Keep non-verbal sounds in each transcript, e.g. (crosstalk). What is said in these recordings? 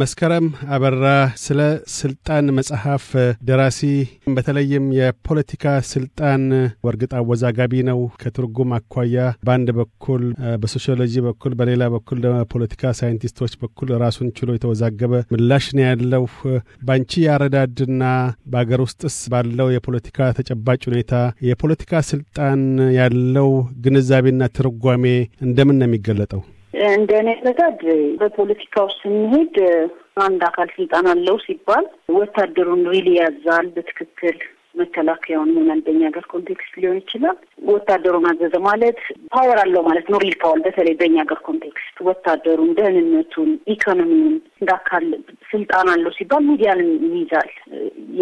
መስከረም አበራ ስለ ስልጣን መጽሐፍ ደራሲ፣ በተለይም የፖለቲካ ስልጣን ወርግጥ አወዛጋቢ ነው። ከትርጉም አኳያ በአንድ በኩል በሶሽሎጂ በኩል በሌላ በኩል ፖለቲካ ሳይንቲስቶች በኩል ራሱን ችሎ የተወዛገበ ምላሽ ነው ያለው። ባንቺ ያረዳድና በአገር ውስጥስ ባለው የፖለቲካ ተጨባጭ ሁኔታ የፖለቲካ ስልጣን ያለው ግንዛቤና ትርጓሜ እንደምን ነው የሚገለጠው? እንደ እኔ አረዳድ በፖለቲካ ውስጥ ስንሄድ አንድ አካል ስልጣን አለው ሲባል ወታደሩን ሪሊ ያዛል በትክክል መከላከያውን ይሆናል ሀገር ኮንቴክስት ሊሆን ይችላል። ወታደሩን ማዘዘ ማለት ፓወር አለው ማለት ነው። ሪል ፓወር በተለይ በእኛ ሀገር ኮንቴክስት ወታደሩን፣ ደህንነቱን፣ ኢኮኖሚውን አካል ስልጣን አለው ሲባል ሚዲያንም ይይዛል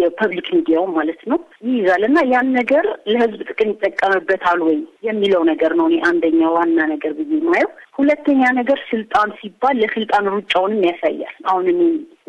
የፐብሊክ ሚዲያውን ማለት ነው ይይዛል እና ያን ነገር ለህዝብ ጥቅም ይጠቀምበታል ወይ የሚለው ነገር ነው እኔ አንደኛ ዋና ነገር ብዬ ማየው። ሁለተኛ ነገር ስልጣን ሲባል ለስልጣን ሩጫውንም ያሳያል። አሁን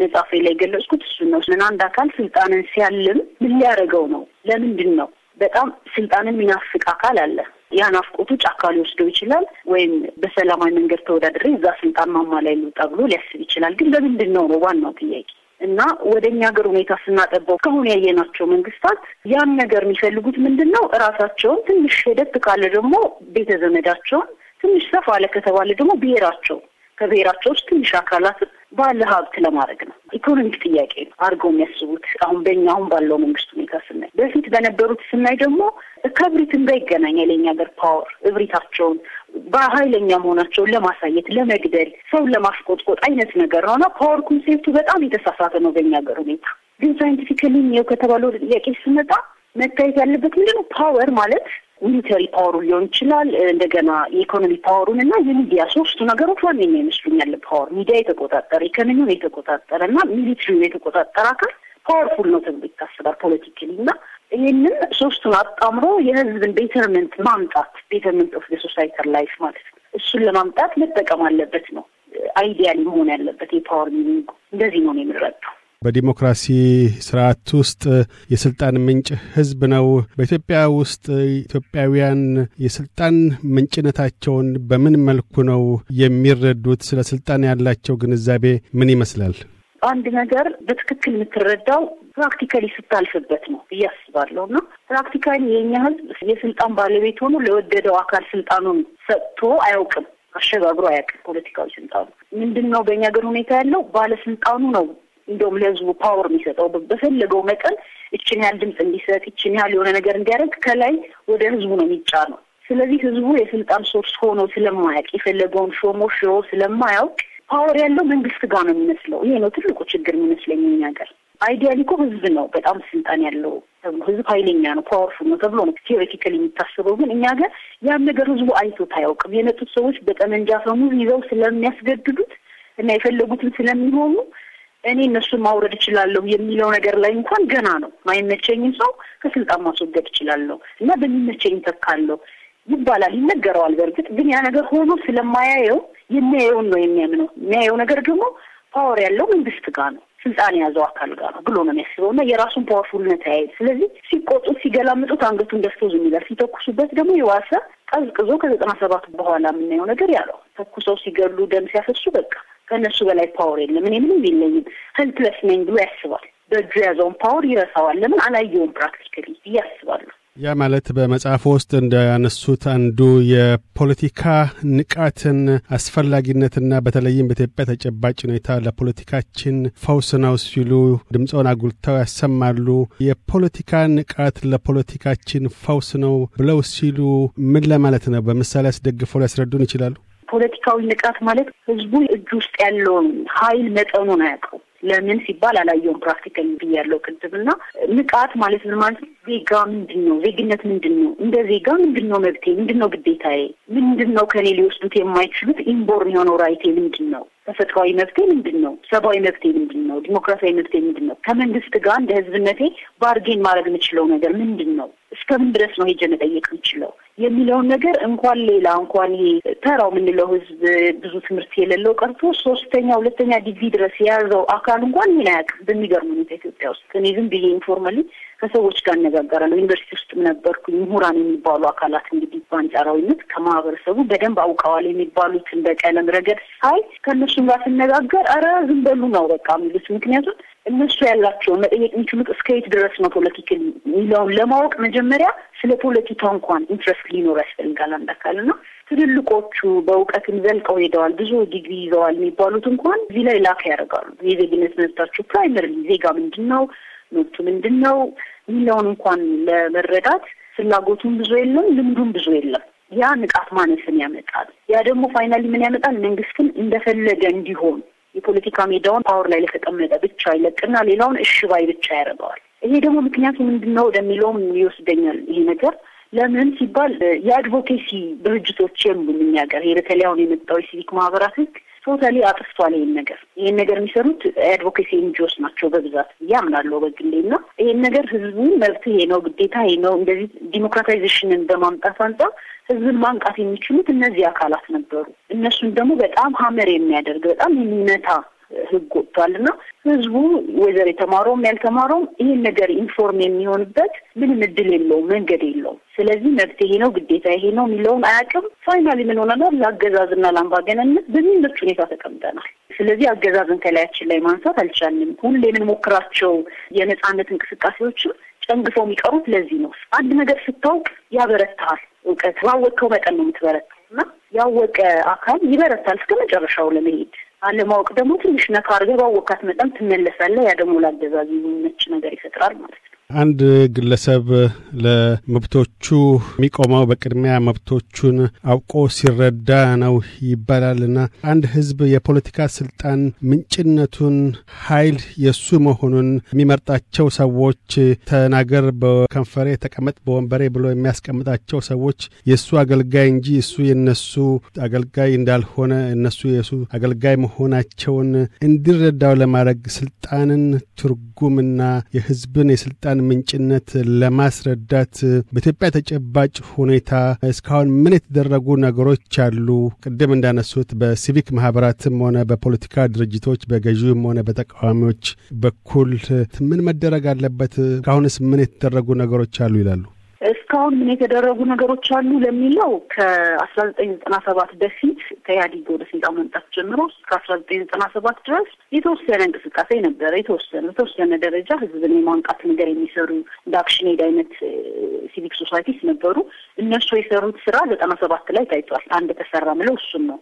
መጽሐፌ ላይ ገለጽኩት እሱ ነው። ምን አንድ አካል ስልጣንን ሲያልም ምን ሊያደርገው ነው? ለምንድን ነው? በጣም ስልጣንን የሚናፍቅ አካል አለ። ያ ናፍቆቱ ጫካ ሊወስደው ይችላል፣ ወይም በሰላማዊ መንገድ ተወዳድሬ እዛ ስልጣን ማማ ላይ ልውጣ ብሎ ሊያስብ ይችላል። ግን ለምንድን ነው ነው ዋናው ጥያቄ እና ወደ እኛ ሀገር ሁኔታ ስናጠባው ከሆነ ያየናቸው መንግስታት ያን ነገር የሚፈልጉት ምንድን ነው? እራሳቸውን ትንሽ ሄደት ካለ ደግሞ ቤተ ዘመዳቸውን ትንሽ ሰፋ አለ ከተባለ ደግሞ ብሔራቸው ከብሔራቸው ውስጥ ትንሽ አካላት ባለ ሀብት ለማድረግ ነው። ኢኮኖሚክ ጥያቄ ነው አድርገው የሚያስቡት አሁን በኛ አሁን ባለው መንግስት ሁኔታ ስናይ፣ በፊት በነበሩት ስናይ ደግሞ ከእብሪትም ጋር ይገናኛል። የኛ ሀገር ፓወር እብሪታቸውን በሀይለኛ መሆናቸውን ለማሳየት ለመግደል፣ ሰውን ለማስቆጥቆጥ አይነት ነገር ነው ነውና ፓወር ኮንሴፕቱ በጣም የተሳሳተ ነው በእኛ ሀገር ሁኔታ። ግን ሳይንቲፊካሊ ይኸው ከተባለው ጥያቄ ስመጣ መታየት ያለበት ምንድነው ፓወር ማለት ሚሊተሪ ፓወሩን ሊሆን ይችላል። እንደገና የኢኮኖሚ ፓወሩን እና የሚዲያ ሶስቱ ነገሮች ዋነኛ ይመስሉኛል። ፓወር ሚዲያ የተቆጣጠረ ኢኮኖሚውን የተቆጣጠረ እና ሚሊትሪውን የተቆጣጠረ አካል ፓወርፉል ነው ተብሎ ይታሰባል ፖለቲካሊ እና ይህንን ሶስቱን አጣምሮ የህዝብን ቤተርመንት ማምጣት ቤተርመንት ኦፍ ሶሳይተር ላይፍ ማለት ነው። እሱን ለማምጣት መጠቀም አለበት ነው አይዲያ መሆን ያለበት የፓወር ሚኒንግ እንደዚህ ነው የምንረዳው። በዲሞክራሲ ስርዓት ውስጥ የስልጣን ምንጭ ህዝብ ነው። በኢትዮጵያ ውስጥ ኢትዮጵያውያን የስልጣን ምንጭነታቸውን በምን መልኩ ነው የሚረዱት? ስለ ስልጣን ያላቸው ግንዛቤ ምን ይመስላል? አንድ ነገር በትክክል የምትረዳው ፕራክቲካሊ ስታልፍበት ነው ብዬ አስባለሁ። እና ፕራክቲካሊ የእኛ ህዝብ የስልጣን ባለቤት ሆኖ ለወደደው አካል ስልጣኑን ሰጥቶ አያውቅም፣ አሸጋግሮ አያውቅም። ፖለቲካዊ ስልጣኑ ምንድን ነው? በእኛ ሀገር ሁኔታ ያለው ባለስልጣኑ ነው እንደውም ለህዝቡ ፓወር የሚሰጠው በፈለገው መጠን ይችን ያህል ድምፅ እንዲሰጥ እችን ያህል የሆነ ነገር እንዲያደርግ ከላይ ወደ ህዝቡ ነው ነው። ስለዚህ ህዝቡ የስልጣን ሶርስ ሆኖ ስለማያውቅ የፈለገውን ሾሞ ሽሮ ስለማያውቅ ፓወር ያለው መንግስት ጋር ነው የሚመስለው። ይሄ ነው ትልቁ ችግር የሚመስለኝ እኛ ሀገር። አይዲያሊ እኮ ህዝብ ነው በጣም ስልጣን ያለው ተብሎ ህዝብ ኃይለኛ ነው ፓወርፉል ነው ተብሎ ነው ቴዎሬቲካል የሚታስበው። ግን እኛ ሀገር ያን ነገር ህዝቡ አይቶት አያውቅም። የመጡት ሰዎች በጠመንጃ ፈሙዝ ይዘው ስለሚያስገድዱት እና የፈለጉትን ስለሚሆኑ እኔ እነሱን ማውረድ እችላለሁ የሚለው ነገር ላይ እንኳን ገና ነው። ማይመቸኝም ሰው ከስልጣን ማስወገድ እችላለሁ እና በሚመቸኝ ተካለሁ ይባላል፣ ይነገረዋል። በእርግጥ ግን ያ ነገር ሆኖ ስለማያየው የሚያየውን ነው የሚያምነው። የሚያየው ነገር ደግሞ ፓወር ያለው መንግስት ጋር ነው ስልጣን የያዘው አካል ጋር ነው ብሎ ነው የሚያስበው እና የራሱን ፓወርፉልነት ያየ። ስለዚህ ሲቆጡት፣ ሲገላምጡት አንገቱን ደፍቶ ዝም ይላል። ሲተኩሱበት ደግሞ የዋሰ ቀዝቅዞ ከዘጠና ሰባት በኋላ የምናየው ነገር ያለው ተኩሰው ሲገሉ ደም ሲያፈሱ በቃ ከእነሱ በላይ ፓወር የለም፣ እኔ ምንም የለኝም፣ ሄልፕለስ ነኝ ብሎ ያስባል። በእጁ የያዘውን ፓወር ይረሳዋል። ለምን አላየውም ፕራክቲካሊ እያስባሉ ያ ማለት በመጽሐፍ ውስጥ እንዳነሱት አንዱ የፖለቲካ ንቃትን አስፈላጊነትና በተለይም በኢትዮጵያ ተጨባጭ ሁኔታ ለፖለቲካችን ፈውስ ነው ሲሉ ድምፀውን አጉልተው ያሰማሉ። የፖለቲካ ንቃት ለፖለቲካችን ፈውስ ነው ብለው ሲሉ ምን ለማለት ነው? በምሳሌ አስደግፈው ሊያስረዱን ይችላሉ? ፖለቲካዊ ንቃት ማለት ህዝቡ እጅ ውስጥ ያለውን ኃይል መጠኑን አያውቀው። ለምን ሲባል አላየውም። ፕራክቲካል ብያለው ቅድም እና ንቃት ማለት ምን ማለት ዜጋ ምንድን ነው? ዜግነት ምንድን ነው? እንደ ዜጋ ምንድን ነው መብቴ? ምንድን ነው ግዴታዬ? ምንድን ነው ከኔ ሊወስዱት የማይችሉት ኢንቦርን የሆነው ራይቴ ምንድን ነው? ተፈጥሯዊ መብቴ ምንድን ነው? ሰብአዊ መብቴ ምንድን ነው? ዲሞክራሲያዊ መብቴ ምንድን ነው? ከመንግስት ጋር እንደ ህዝብነቴ ባርጌን ማድረግ የምችለው ነገር ምንድን ነው? እስከምን ድረስ ነው ሄጀ መጠየቅ የምችለው የሚለውን ነገር እንኳን ሌላ እንኳን ይሄ ተራው የምንለው ህዝብ ብዙ ትምህርት የሌለው ቀርቶ ሶስተኛ ሁለተኛ ዲግሪ ድረስ የያዘው አካል እንኳን ይህን አያውቅም። በሚገርም ሁኔታ ኢትዮጵያ ውስጥ እኔ ዝም ብዬ ኢንፎርማሊ ከሰዎች ጋር እነጋገራለሁ። ዩኒቨርሲቲ ውስጥም ነበርኩኝ። ምሁራን የሚባሉ አካላት እንግዲህ በአንጻራዊነት ከማህበረሰቡ በደንብ አውቀዋል የሚባሉትን በቀለም ረገድ ሳይ ከእነሱም ጋር ስነጋገር ኧረ ዝም በሉ ነው በቃ የሚሉት ምክንያቱም እነሱ ያላቸውን መጠየቅ የሚችሉት እስከየት ድረስ ነው ፖለቲክን የሚለውን ለማወቅ መጀመሪያ ስለ ፖለቲካ እንኳን ኢንትረስት ሊኖር ያስፈልጋል። አንድ አካል ትልልቆቹ በእውቀትም ዘልቀው ሄደዋል፣ ብዙ ዲግሪ ይዘዋል የሚባሉት እንኳን እዚህ ላይ ላክ ያደርጋሉ። የዜግነት መብታቸው ፕራይመሪ ዜጋ ምንድን ነው መብቱ ምንድን ነው የሚለውን እንኳን ለመረዳት ፍላጎቱም ብዙ የለም፣ ልምዱም ብዙ የለም። ያ ንቃት ማነስን ያመጣል። ያ ደግሞ ፋይናሊ ምን ያመጣል? መንግስትን እንደፈለገ እንዲሆን የፖለቲካ ሜዳውን ፓወር ላይ ለተቀመጠ ብቻ ይለቅና ሌላውን እሺ ባይ ብቻ ያደርገዋል። ይሄ ደግሞ ምክንያቱ ምንድን ነው ወደሚለውም ይወስደኛል ይሄ ነገር ለምን ሲባል የአድቮኬሲ ድርጅቶች የሉም እኛ ሀገር። ይሄ በተለይ አሁን የመጣው የሲቪክ ማህበራት ህግ ቶታሊ አጥፍቷል ይሄን ነገር። ይሄን ነገር የሚሰሩት አድቮኬሲ ኤንጂኦስ ናቸው በብዛት ብዬ አምናለሁ በግሌ እና ይሄን ነገር ህዝቡ መብት ይሄ ነው ግዴታ ይሄ ነው እንደዚህ ዲሞክራታይዜሽንን በማምጣት አንጻር ህዝብን ማንቃት የሚችሉት እነዚህ አካላት ነበሩ። እነሱን ደግሞ በጣም ሀመር የሚያደርግ በጣም የሚመታ ህግ ወጥቷል እና ህዝቡ ወይዘር የተማረውም ያልተማረውም ይህን ነገር ኢንፎርም የሚሆንበት ምንም እድል የለውም፣ መንገድ የለውም። ስለዚህ መብት ይሄ ነው ግዴታ ይሄ ነው የሚለውን አያውቅም። ፋይናል ምን ሆነናል? ለአገዛዝና ለአምባገነንነት በሚመች ሁኔታ ተቀምጠናል። ስለዚህ አገዛዝን ከላያችን ላይ ማንሳት አልቻልንም። ሁሌ የምንሞክራቸው የነጻነት እንቅስቃሴዎችም ጨንግፈው የሚቀሩት ለዚህ ነው። አንድ ነገር ስታውቅ ያበረታሃል። እውቀት ባወቀው መጠን ነው የምትበረታው እና ያወቀ አካል ይበረታል እስከ መጨረሻው ለመሄድ። አለማወቅ ደግሞ ትንሽ ነካ አድርገህ ባወቃት መጠን ትመለሳለህ። ያ ደግሞ ላገዛዙ የሚመች ነገር ይፈጥራል ማለት ነው። አንድ ግለሰብ ለመብቶቹ የሚቆመው በቅድሚያ መብቶቹን አውቆ ሲረዳ ነው ይባላልና አንድ ህዝብ የፖለቲካ ስልጣን ምንጭነቱን ኃይል የሱ መሆኑን የሚመርጣቸው ሰዎች ተናገር፣ በከንፈሬ ተቀመጥ፣ በወንበሬ ብሎ የሚያስቀምጣቸው ሰዎች የእሱ አገልጋይ እንጂ እሱ የነሱ አገልጋይ እንዳልሆነ እነሱ የሱ አገልጋይ መሆናቸውን እንዲረዳው ለማድረግ ስልጣንን ትርጉምና የህዝብን የስልጣን ምንጭነት ለማስረዳት በኢትዮጵያ ተጨባጭ ሁኔታ እስካሁን ምን የተደረጉ ነገሮች አሉ? ቅድም እንዳነሱት በሲቪክ ማህበራትም ሆነ በፖለቲካ ድርጅቶች በገዢውም ሆነ በተቃዋሚዎች በኩል ምን መደረግ አለበት? እስካሁንስ ምን የተደረጉ ነገሮች አሉ ይላሉ? እስካሁን ምን የተደረጉ ነገሮች አሉ ለሚለው ከአስራ ዘጠኝ ዘጠና ሰባት በፊት ከኢህአዴግ ወደ ስልጣን መምጣት ጀምሮ እስከ አስራ ዘጠኝ ዘጠና ሰባት ድረስ የተወሰነ እንቅስቃሴ ነበረ። የተወሰነ በተወሰነ ደረጃ ህዝብን የማንቃት ነገር የሚሰሩ እንደ አክሽን ኤድ አይነት ሲቪክ ሶሳይቲስ ነበሩ። እነሱ የሰሩት ስራ ዘጠና ሰባት ላይ ታይቷል። አንድ ተሰራ ምለው እሱም ነው።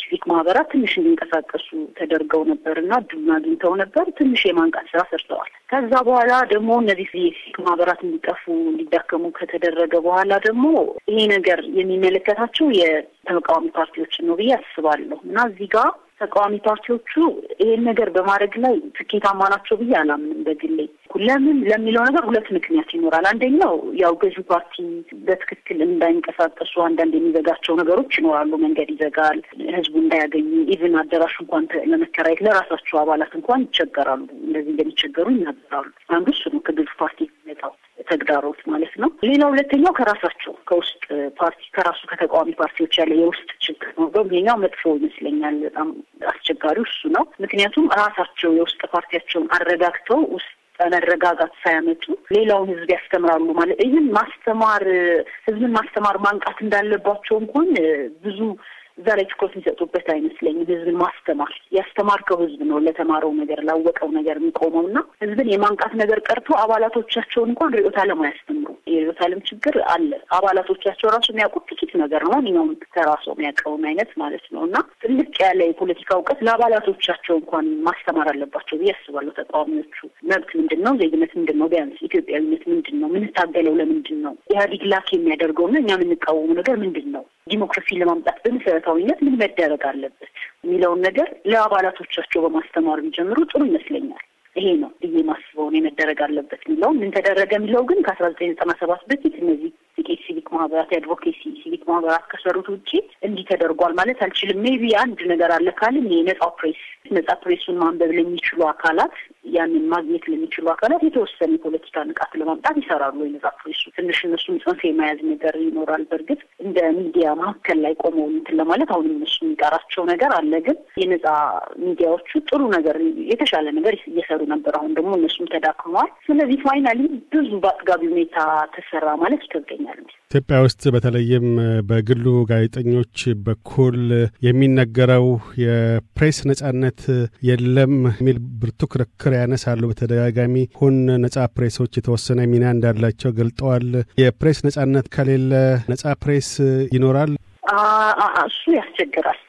ሲቪክ ማህበራት ትንሽ እንዲንቀሳቀሱ ተደርገው ነበር እና እድሉን አግኝተው ነበር። ትንሽ የማንቃት ስራ ሰርተዋል። ከዛ በኋላ ደግሞ እነዚህ ሲቪክ ማህበራት እንዲጠፉ እንዲዳከሙ ከተደረገ በኋላ ደግሞ ይሄ ነገር የሚመለከታቸው የተቃዋሚ ፓርቲዎችን ነው ብዬ አስባለሁ እና እዚህ ጋር ተቃዋሚ ፓርቲዎቹ ይሄን ነገር በማድረግ ላይ ስኬታማ ናቸው ብዬ አላምንም በግሌ። ለምን ለሚለው ነገር ሁለት ምክንያት ይኖራል። አንደኛው ያው ገዢ ፓርቲ በትክክል እንዳይንቀሳቀሱ አንዳንድ የሚዘጋቸው ነገሮች ይኖራሉ። መንገድ ይዘጋል፣ ህዝቡ እንዳያገኙ፣ ኢቭን አዳራሽ እንኳን ለመከራየት ለራሳቸው አባላት እንኳን ይቸገራሉ። እንደዚህ እንደሚቸገሩ ይናገራሉ። አንዱ እሱ ነው ከገዢ ፓርቲ የሚመጣው ተግዳሮት ማለት ነው። ሌላ ሁለተኛው ከራሳቸው ከውስጥ ፓርቲ ከራሱ ከተቃዋሚ ፓርቲዎች ያለ የውስጥ ችግር ነው። በብኛው መጥፎ ይመስለኛል። በጣም አስቸጋሪ እሱ ነው። ምክንያቱም ራሳቸው የውስጥ ፓርቲያቸውን አረጋግተው ውስጥ መረጋጋት ሳያመጡ ሌላውን ህዝብ ያስተምራሉ ማለት ይህን ማስተማር ህዝብን ማስተማር ማንቃት እንዳለባቸው እንኳን ብዙ እዛ ላይ ትኩረት የሚሰጡበት አይመስለኝም። ህዝብን ማስተማር ያስተማርከው ህዝብ ነው ለተማረው ነገር ላወቀው ነገር የሚቆመው እና ህዝብን የማንቃት ነገር ቀርቶ አባላቶቻቸውን እንኳን ርዕዮተ ዓለም አያስተምሩ። የርዕዮተ ዓለም ችግር አለ። አባላቶቻቸው ራሱ የሚያውቁት ጥቂት ነገር ነው። ማንኛውም ተራሶ የሚያውቀውን አይነት ማለት ነው እና ትልቅ ያለ የፖለቲካ እውቀት ለአባላቶቻቸው እንኳን ማስተማር አለባቸው ብዬ አስባለሁ። ተቃዋሚዎቹ መብት ምንድን ነው? ዜግነት ምንድን ነው? ቢያንስ ኢትዮጵያዊነት ምንድን ነው? የምንታገለው ለምንድን ነው? ኢህአዴግ ላክ የሚያደርገውና እኛ የምንቃወሙ ነገር ምንድን ነው? ዲሞክራሲን ለማምጣት በመሰረተ ፍትሐዊነት ምን መደረግ አለበት የሚለውን ነገር ለአባላቶቻቸው በማስተማር የሚጀምሩ ጥሩ ይመስለኛል። ይሄ ነው ብዬ ማስበውን የመደረግ አለበት የሚለው ምን ተደረገ የሚለው ግን ከአስራ ዘጠኝ ዘጠና ሰባት በፊት እነዚህ ጥቂት ሲቪክ ማህበራት የአድቮኬሲ ሲቪክ ማህበራት ከሰሩት ውጭ እንዲህ ተደርጓል ማለት አልችልም። ሜቢ አንድ ነገር አለ ካልን የነጻው ፕሬስ ነጻ ፕሬሱን ማንበብ ለሚችሉ አካላት ያንን ማግኘት ለሚችሉ አካላት የተወሰነ የፖለቲካ ንቃት ለማምጣት ይሰራሉ። የነጻ ፕሬሱ ትንሽ እነሱም ጽንፍ የመያዝ ነገር ይኖራል። በእርግጥ እንደ ሚዲያ መካከል ላይ ቆመው እንትን ለማለት አሁንም እነሱ የሚቀራቸው ነገር አለ። ግን የነጻ ሚዲያዎቹ ጥሩ ነገር፣ የተሻለ ነገር እየሰሩ ነበር። አሁን ደግሞ እነሱም ተዳክመዋል። ስለዚህ ፋይናሊ ብዙ በአጥጋቢ ሁኔታ ተሰራ ማለት ይከብደኛል። ኢትዮጵያ ውስጥ በተለይም በግሉ ጋዜጠኞች በኩል የሚነገረው የፕሬስ ነጻነት ነጻነት የለም የሚል ብርቱ ክርክር ያነሳሉ። በተደጋጋሚ ሁን ነጻ ፕሬሶች የተወሰነ ሚና እንዳላቸው ገልጠዋል። የፕሬስ ነጻነት ከሌለ ነጻ ፕሬስ ይኖራል? እሱ ያስቸግራል።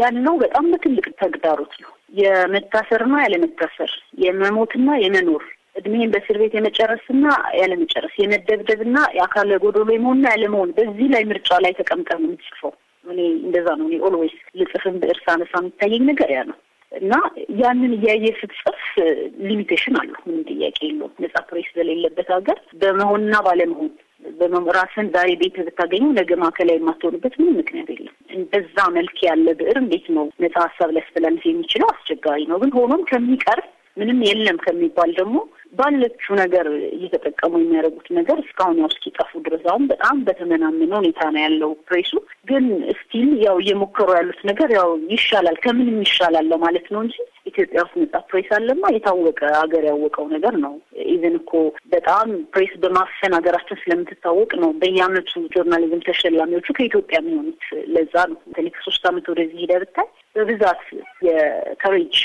ያለው በጣም በትልቅ ተግዳሮት ነው። የመታሰርና ያለመታሰር፣ የመሞትና የመኖር እድሜን በእስር ቤት የመጨረስና ያለመጨረስ፣ የመደብደብና የአካለ ጎዶሎ የመሆንና ያለመሆን፣ በዚህ ላይ ምርጫ ላይ ተቀምጠን የምትጽፈው እኔ እንደዛ ነው። እኔ ኦልዌይስ ልጽፍን ብዕር ነሳ የሚታየኝ ነገር ያ ነው። እና ያንን እያየ ስትጽፍ ሊሚቴሽን አለው። ምንም ጥያቄ የለውም። ነጻ ፕሬስ በሌለበት ሀገር በመሆንና ባለመሆን ራስን ዛሬ ቤት ብታገኘው ነገ ማዕከላዊ የማትሆንበት ምንም ምክንያት የለም። በዛ መልክ ያለ ብዕር እንዴት ነው ነጻ ሀሳብ ሊያስተላልፍ የሚችለው? አስቸጋሪ ነው። ግን ሆኖም ከሚቀርብ ምንም የለም ከሚባል ደግሞ ባለችው ነገር እየተጠቀሙ የሚያደርጉት ነገር እስካሁን ያው እስኪጠፉ ድረስ አሁን በጣም በተመናመነ ሁኔታ ነው ያለው ፕሬሱ። ግን ስቲል ያው እየሞከሩ ያሉት ነገር ያው ይሻላል ከምንም ይሻላል ለማለት ነው እንጂ ኢትዮጵያ ውስጥ ነጻ ፕሬስ አለማ የታወቀ ሀገር ያወቀው ነገር ነው። ኢቨን እኮ በጣም ፕሬስ በማፈን ሀገራችን ስለምትታወቅ ነው በየአመቱ ጆርናሊዝም ተሸላሚዎቹ ከኢትዮጵያ የሚሆኑት። ለዛ ነው ከሶስት ዓመት ወደዚህ ሄደ ብታይ በብዛት የከሬጅ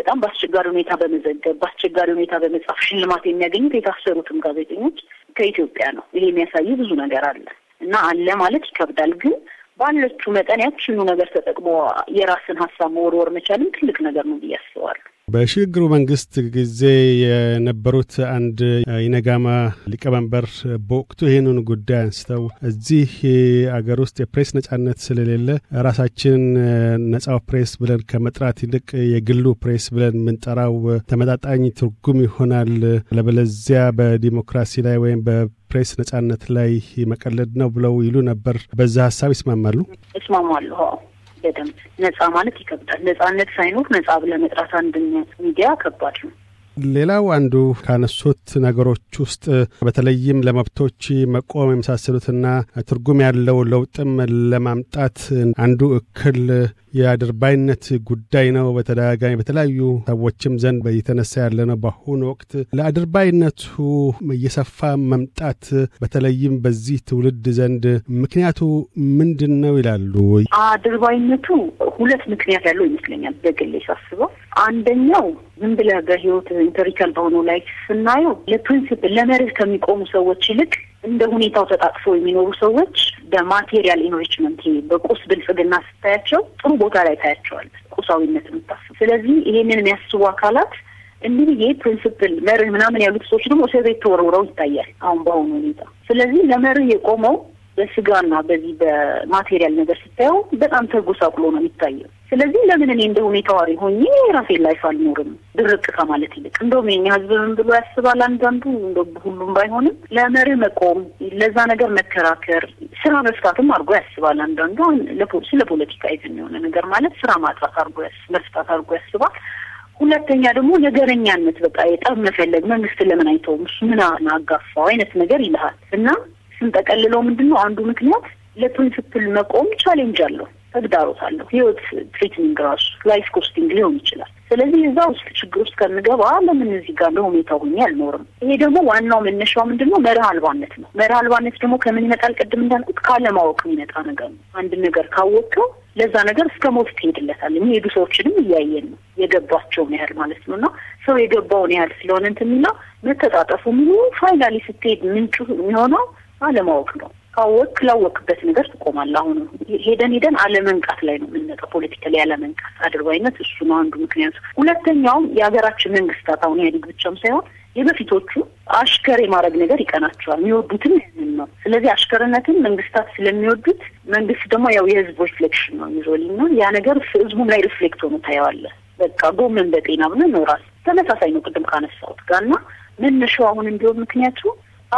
በጣም በአስቸጋሪ ሁኔታ በመዘገብ በአስቸጋሪ ሁኔታ በመጻፍ ሽልማት የሚያገኙት የታሰሩትም ጋዜጠኞች ከኢትዮጵያ ነው። ይሄ የሚያሳይ ብዙ ነገር አለ እና አለ ማለት ይከብዳል ግን ባለችው መጠን ያችኑ ነገር ተጠቅሞ የራስን ሀሳብ መወርወር መቻልም ትልቅ ነገር ነው ብዬ አስባለሁ። በሽግግሩ መንግስት ጊዜ የነበሩት አንድ ኢነጋማ ሊቀመንበር በወቅቱ ይህንን ጉዳይ አንስተው እዚህ አገር ውስጥ የፕሬስ ነጻነት ስለሌለ ራሳችን ነጻው ፕሬስ ብለን ከመጥራት ይልቅ የግሉ ፕሬስ ብለን የምንጠራው ተመጣጣኝ ትርጉም ይሆናል፣ ለበለዚያ በዲሞክራሲ ላይ ወይም በፕሬስ ነጻነት ላይ መቀለድ ነው ብለው ይሉ ነበር። በዛ ሀሳብ ይስማማሉ? ይስማማሉ። በደንብ ነጻ ማለት ይከብዳል። ነጻነት ሳይኖር ነጻ ብለህ መጥራት አንድን ሚዲያ ከባድ ነው። ሌላው አንዱ ካነሱት ነገሮች ውስጥ በተለይም ለመብቶች መቆም የመሳሰሉትና ትርጉም ያለው ለውጥም ለማምጣት አንዱ እክል የአድርባይነት ጉዳይ ነው። በተደጋጋሚ በተለያዩ ሰዎችም ዘንድ እየተነሳ ያለ ነው። በአሁኑ ወቅት ለአድርባይነቱ እየሰፋ መምጣት በተለይም በዚህ ትውልድ ዘንድ ምክንያቱ ምንድን ነው ይላሉ? አድርባይነቱ ሁለት ምክንያት ያለው ይመስለኛል በግሌ ሳስበው አንደኛው ዝም ብለህ በህይወት ኢንተሪካል በሆነው ላይፍ ስናየው ለፕሪንሲፕል ለመርህ ከሚቆሙ ሰዎች ይልቅ እንደ ሁኔታው ተጣጥፎ የሚኖሩ ሰዎች በማቴሪያል ኢንሪችመንት በቁስ ብልጽግና ስታያቸው ጥሩ ቦታ ላይ ታያቸዋል። ቁሳዊነት የምታስብ ስለዚህ ይሄንን የሚያስቡ አካላት እንዲህ ይሄ ፕሪንስፕል መርህ ምናምን ያሉት ሰዎች ደግሞ እስር ቤት ተወርውረው ይታያል አሁን በአሁኑ ሁኔታ። ስለዚህ ለመርህ የቆመው በስጋና በዚህ በማቴሪያል ነገር ስታየው በጣም ተጎሳቁሎ ነው የሚታየው። ስለዚህ ለምን እኔ እንደ ሁኔታዋሪ ሆኜ የራሴን ላይፍ አልኖርም ድርቅ ከማለት ይልቅ እንደውም የኛ ህዝብ ምን ብሎ ያስባል? አንዳንዱ እንደ ሁሉም ባይሆንም ለመርህ መቆም፣ ለዛ ነገር መከራከር፣ ስራ መፍታትም አድርጎ ያስባል። አንዳንዱ ስለ ለፖለቲካ ይዝ የሆነ ነገር ማለት ስራ ማጥፋት አድርጎ መፍታት አድርጎ ያስባል። ሁለተኛ ደግሞ ነገረኛነት በቃ የጠብ መፈለግ መንግስትን ለምን አይተውም እሱ ምን አጋፋው አይነት ነገር ይልሃል እና ስንጠቀልለው ምንድን ነው አንዱ ምክንያት ለፕሪንስፕል መቆም ቻሌንጅ አለው፣ ተግዳሮት አለው። ህይወት ትሪትኒንግ ራሱ ላይፍ ኮስቲንግ ሊሆን ይችላል። ስለዚህ እዛ ውስጥ ችግር ውስጥ ከምገባ ለምን እዚህ ጋር ሁኔታ ሆኜ አልኖርም? ይሄ ደግሞ ዋናው መነሻው ምንድን ነው? መርህ አልባነት ነው። መርህ አልባነት ደግሞ ከምን ይመጣል? ቅድም እንዳልኩት ካለማወቅ የሚመጣ ነገር ነው። አንድ ነገር ካወቅከው ለዛ ነገር እስከ ሞት ትሄድለታል። የሚሄዱ ሰዎችንም እያየን ነው። የገባቸውን ያህል ማለት ነው እና ሰው የገባውን ያህል ስለሆነ እንትን የሚለው መተጣጠፉ ምኑ ፋይናሊ ስትሄድ ምንጩ የሚሆነው አለማወቅ ነው። ካወቅ ላወቅበት ነገር ትቆማለህ። አሁን ሄደን ሄደን አለመንቃት ላይ ነው የምንነቀው። ፖለቲካ ላይ አለመንቃት አድርባይነት እሱ ነው አንዱ ምክንያቱ። ሁለተኛውም የሀገራችን መንግስታት አሁን ኢህአዴግ ብቻም ሳይሆን የበፊቶቹ አሽከር የማድረግ ነገር ይቀናቸዋል። የሚወዱትም ይህንን ነው። ስለዚህ አሽከርነትን መንግስታት ስለሚወዱት መንግስት ደግሞ ያው የህዝብ ሪፍሌክሽን ነው የሚዞልና ያ ነገር ህዝቡም ላይ ሪፍሌክት ሆኖ ታየዋለህ። በቃ ጎመን በጤና ብሎ ይኖራል። ተመሳሳይ ነው ቅድም ካነሳሁት ጋር እና መነሻው አሁን እንዲሆን ምክንያቱ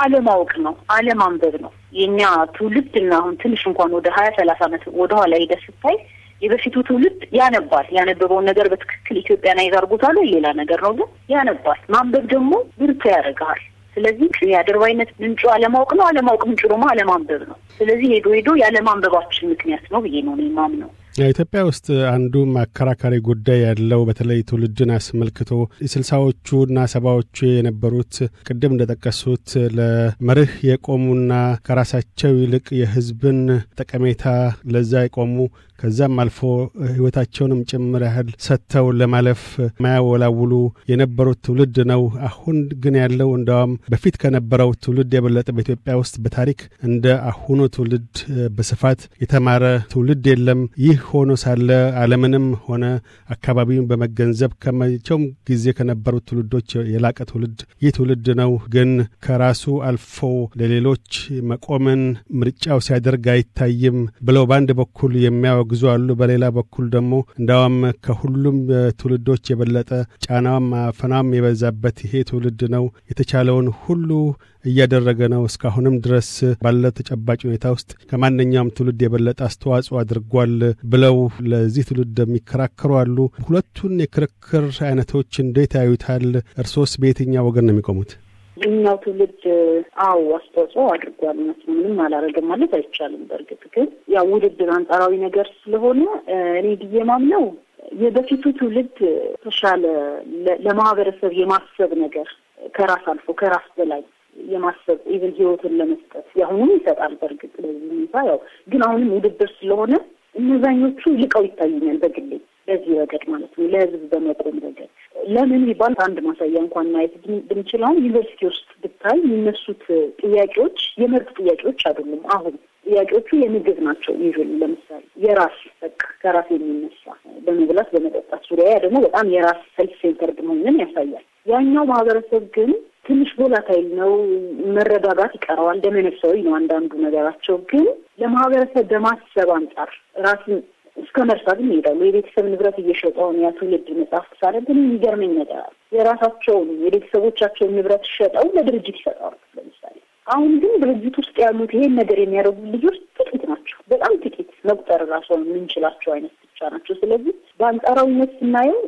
አለማወቅ ነው፣ አለማንበብ ነው። የእኛ ትውልድና አሁን ትንሽ እንኳን ወደ ሀያ ሰላሳ ዓመት ወደኋላ ሄደ ስታይ የበፊቱ ትውልድ ያነባል። ያነበበውን ነገር በትክክል ኢትዮጵያን አይዝ አድርጎታል ሌላ ነገር ነው፣ ግን ያነባል። ማንበብ ደግሞ ብርቱ ያደርግሃል። ስለዚህ የአድርባይነት ምንጩ አለማወቅ ነው። አለማወቅ ምንጩ ደግሞ አለማንበብ ነው። ስለዚህ ሄዶ ሄዶ ያለማንበባችን ምክንያት ነው ብዬ ነው እኔ የማምነው። ኢትዮጵያ ውስጥ አንዱ አከራካሪ ጉዳይ ያለው በተለይ ትውልድን አስመልክቶ ስልሳዎቹና ሰባዎቹ የነበሩት ቅድም እንደጠቀሱት ለመርህ የቆሙና ከራሳቸው ይልቅ የሕዝብን ጠቀሜታ ለዛ የቆሙ ከዛም አልፎ ህይወታቸውንም ጭምር ያህል ሰጥተው ለማለፍ ማያወላውሉ የነበሩት ትውልድ ነው። አሁን ግን ያለው እንደውም በፊት ከነበረው ትውልድ የበለጠ በኢትዮጵያ ውስጥ በታሪክ እንደ አሁኑ ትውልድ በስፋት የተማረ ትውልድ የለም። ይህ ሆኖ ሳለ ዓለምንም ሆነ አካባቢውን በመገንዘብ ከመቼውም ጊዜ ከነበሩት ትውልዶች የላቀ ትውልድ ይህ ትውልድ ነው። ግን ከራሱ አልፎ ለሌሎች መቆምን ምርጫው ሲያደርግ አይታይም ብለው በአንድ በኩል የሚያወግ የሚያግዙ አሉ። በሌላ በኩል ደግሞ እንዳውም ከሁሉም ትውልዶች የበለጠ ጫናም አፈናም የበዛበት ይሄ ትውልድ ነው የተቻለውን ሁሉ እያደረገ ነው። እስካሁንም ድረስ ባለ ተጨባጭ ሁኔታ ውስጥ ከማንኛውም ትውልድ የበለጠ አስተዋጽኦ አድርጓል ብለው ለዚህ ትውልድ የሚከራከሩ አሉ። ሁለቱን የክርክር አይነቶች እንዴት ያዩታል? እርሶስ በየትኛው ወገን ነው የሚቆሙት? እኛው ትውልድ አው አስተዋጽኦ አድርጓል። እነሱ ምንም አላረገም ማለት አይቻልም። በእርግጥ ግን ያ ውድድር አንጻራዊ ነገር ስለሆነ እኔ ብዬ ማምነው የበፊቱ ትውልድ ተሻለ ለማህበረሰብ የማሰብ ነገር ከራስ አልፎ ከራስ በላይ የማሰብ ኢቨን ህይወትን ለመስጠት የአሁኑም ይሰጣል። በእርግጥ በዚህ ሁኔታ ያው ግን አሁንም ውድድር ስለሆነ እነዛኞቹ ልቀው ይታዩኛል በግሌ በዚህ ረገድ ማለት ነው ለህዝብ በመቆም ረገድ ለምን ይባል አንድ ማሳያ እንኳን ማየት ብንችለውም ዩኒቨርሲቲ ውስጥ ብታይ የሚነሱት ጥያቄዎች የመብት ጥያቄዎች አይደሉም። አሁን ጥያቄዎቹ የምግብ ናቸው። ይዙ ለምሳሌ የራስ በቃ ከራስ የሚነሳ በመብላት በመጠጣት ዙሪያ ያ ደግሞ በጣም የራስ ሰልፍ ሴንተርድ መሆንን ያሳያል። ያኛው ማህበረሰብ ግን ትንሽ ቦላታይል ነው፣ መረጋጋት ይቀረዋል፣ ደመነፍሰዊ ነው አንዳንዱ ነገራቸው። ግን ለማህበረሰብ በማሰብ አንጻር ራስን እስከ መርሳት ግን ይሄዳሉ። የቤተሰብ ንብረት እየሸጠውን ያ ትውልድ መጽሐፍ ሳለ ግን የሚገርመኝ ነገር አለ። የራሳቸውን የቤተሰቦቻቸውን ንብረት ሸጠው ለድርጅት ይሰጠዋል። ለምሳሌ አሁን ግን ድርጅት ውስጥ ያሉት ይሄን ነገር የሚያደርጉ ልጆች ጥቂት ናቸው፣ በጣም ጥቂት መቁጠር ራሷን የምንችላቸው አይነት ብቻ ናቸው። ስለዚህ በአንጻራዊነት ስናየው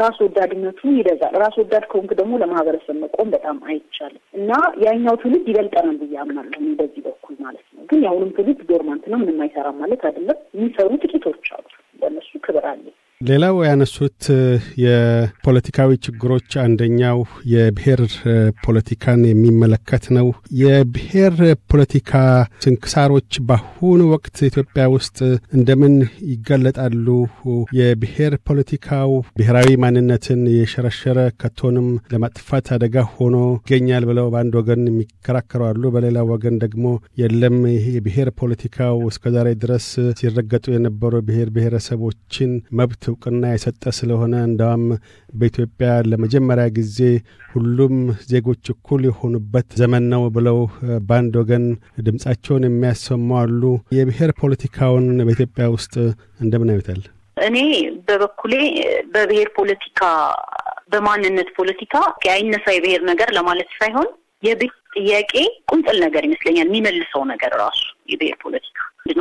ራስ ወዳድነቱ ይበዛል። ራስ ወዳድ ከሆንክ ደግሞ ለማህበረሰብ መቆም በጣም አይቻልም እና ያኛው ትውልድ ይበልጠናል ብዬ አምናለሁ በዚህ በኩል ማለት ነው። ግን የአሁኑም ትውልድ ዶርማንት ነው፣ ምንም አይሰራም ማለት አይደለም። የሚሰሩ ጥቂቶች አሉ፣ ለእነሱ ክብር አለ። ሌላው ያነሱት የፖለቲካዊ ችግሮች አንደኛው የብሔር ፖለቲካን የሚመለከት ነው። የብሔር ፖለቲካ ስንክሳሮች በአሁኑ ወቅት ኢትዮጵያ ውስጥ እንደምን ይገለጣሉ? የብሔር ፖለቲካው ብሔራዊ ማንነትን የሸረሸረ ከቶንም ለማጥፋት አደጋ ሆኖ ይገኛል ብለው በአንድ ወገን የሚከራከሩ አሉ። በሌላው ወገን ደግሞ የለም የብሔር ፖለቲካው እስከዛሬ ድረስ ሲረገጡ የነበሩ ብሔር ብሔረሰቦችን መብት እውቅና የሰጠ ስለሆነ እንዳውም በኢትዮጵያ ለመጀመሪያ ጊዜ ሁሉም ዜጎች እኩል የሆኑበት ዘመን ነው ብለው በአንድ ወገን ድምጻቸውን የሚያሰሙ አሉ። የብሔር ፖለቲካውን በኢትዮጵያ ውስጥ እንደምን አዩታል? እኔ በበኩሌ በብሔር ፖለቲካ በማንነት ፖለቲካ አይነሳ የብሔር ነገር ለማለት ሳይሆን የብሔር ጥያቄ ቁንጥል ነገር ይመስለኛል የሚመልሰው ነገር ራሱ የብሔር ፖለቲካ